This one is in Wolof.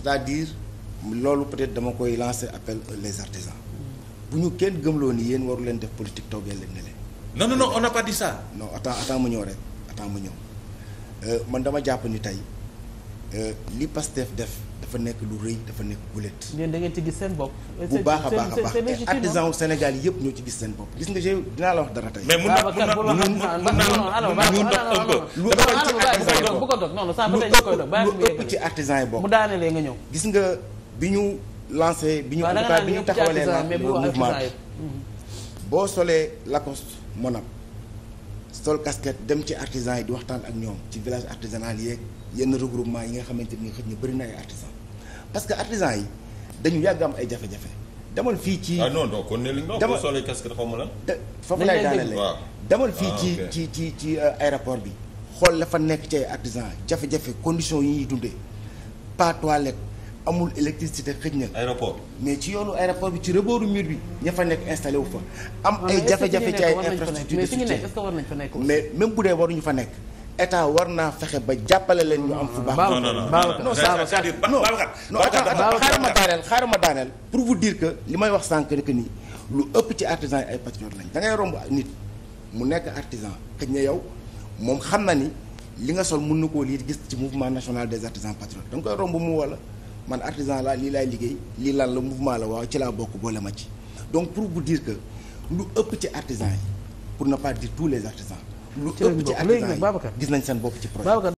c'est-à-dire loolu peut-être dama koy lancer appel les artisans bu ñu kenn gëmloo ni yéen waru leen def politique toggee leen ne leen. non non non on n'a pas dit ça. non attends attends ma ñëw rek attends ma ñëw euh, man dama jàpp ni tey. Euh, li Pastef def dafa nekk lu rëy dafa nekk gulet. yéen da ngeen ci gis seen bopp. bu baax a baax a baax artisan wu Sénégal yëpp ñoo ci gis seen bopp gis nga jéem dinaa la wax dara tey. mais mun na mun na mun na lu ëpp ci artisan yi bokk. mu daanelee nga ñëw. gis nga bi ñu lancé bi ñu. waaw da nga naan ñëpp la artisan mais bu mouvement boo solee Lacoste Monap sol casquette dem ci artisans yi di waxtaan ak ñoom ci village artisanal yeeg yenn regroupement yi nga xamante ni xëy na bëri na ay artisans parce que artisans yi dañu yàgg am ay jafe-jafe demal fii ci. ah non non kon ne li nga wax solee casquette xaw ma la. foofu laay demal fii ah, ci ci ci ci euh, aéroport bi xool la fa nekk ci ay artisans jafe-jafe conditions yi ñuy dundee pas toilette. amul électricité xëj na. aéroport mais ci yoonu aéroport bi ci rebooru mur bi. ña fa nekk installé wu fa. am ay jafe-jafe ci ay infrastructure de soutien mais même bu dee waruñu fa nekk. état war naa fexe ba jàppale leen ñu am fu baax. non non non non cest xaaral ma daaneel xaaral ma daaneel pour vous dire que li may wax sànq rek ni lu ëpp ci artisan yi ay patriote lañ da ngay romb nit mu nekk artisan xëj na yow moom xam na ni li nga sol mun na koo lii gis ci mouvement national des artisans patriotes da nga koy romb mu wala man artisan laa lii laay liggéey lii lan la mouvement la waaw ci laa bokk boole ma ci donc pour vous dire que lu ëpp ci artisan yi pour ne pas dire tous les artisans lu ëpp ci artisan yi gis nañ seen bopp ci projet